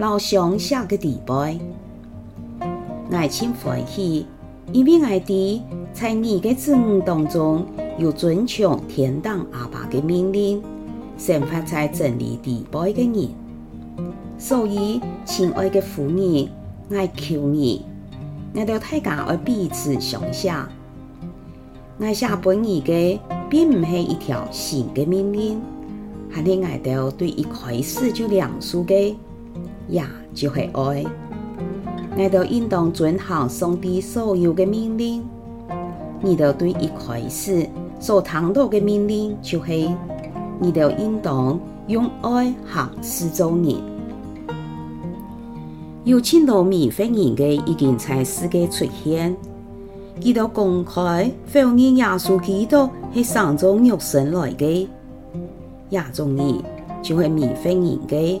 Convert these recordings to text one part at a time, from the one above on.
老想下個地拜，愛情回去，因為愛弟在你個子女當中，有尊重天堂阿爸的命令，生發在真理地拜嘅人。所以，親愛的父恩，我求你，我到大家而彼此相下，愛下本意嘅，並唔係一條新的命令，係你愛到對一開始就兩數嘅。也就係愛，你就應當遵行上帝所有的命令，你的對一開始所聽到的命令，就係你的應當用愛行事做人。有眾多迷惑人嘅在世間嘅出現，佢就公開否認耶穌基督係上主肉身來嘅，亞種人就係迷惑人嘅。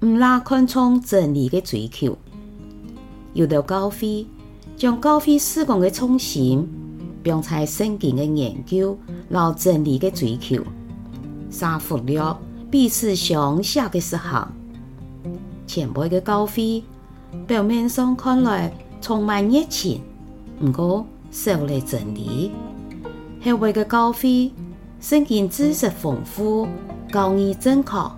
唔拉看重真理的追求，有的高飛將高飛施工的創新，並且先進的研究，撈真理的追求。三副料彼此相下的時候，前輩的高飛表面上看來充滿熱情，唔過受嚟真理。後輩的高飛，先進知識豐富，高義正確。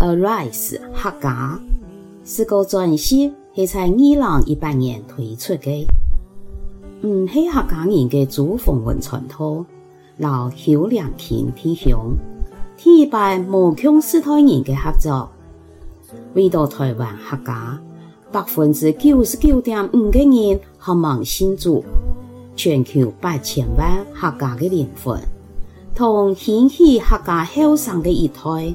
Arise 客家是個專戲，是喺二零一八年推出嘅。嗯，唔係客家人嘅祖風文傳統，由小良慶提倡，替拜武康師太爺嘅合作，為到台灣客家百分之九十九點五嘅人渴望先祖，全球八千萬客家嘅靈魂，同興起客家向上嘅一代。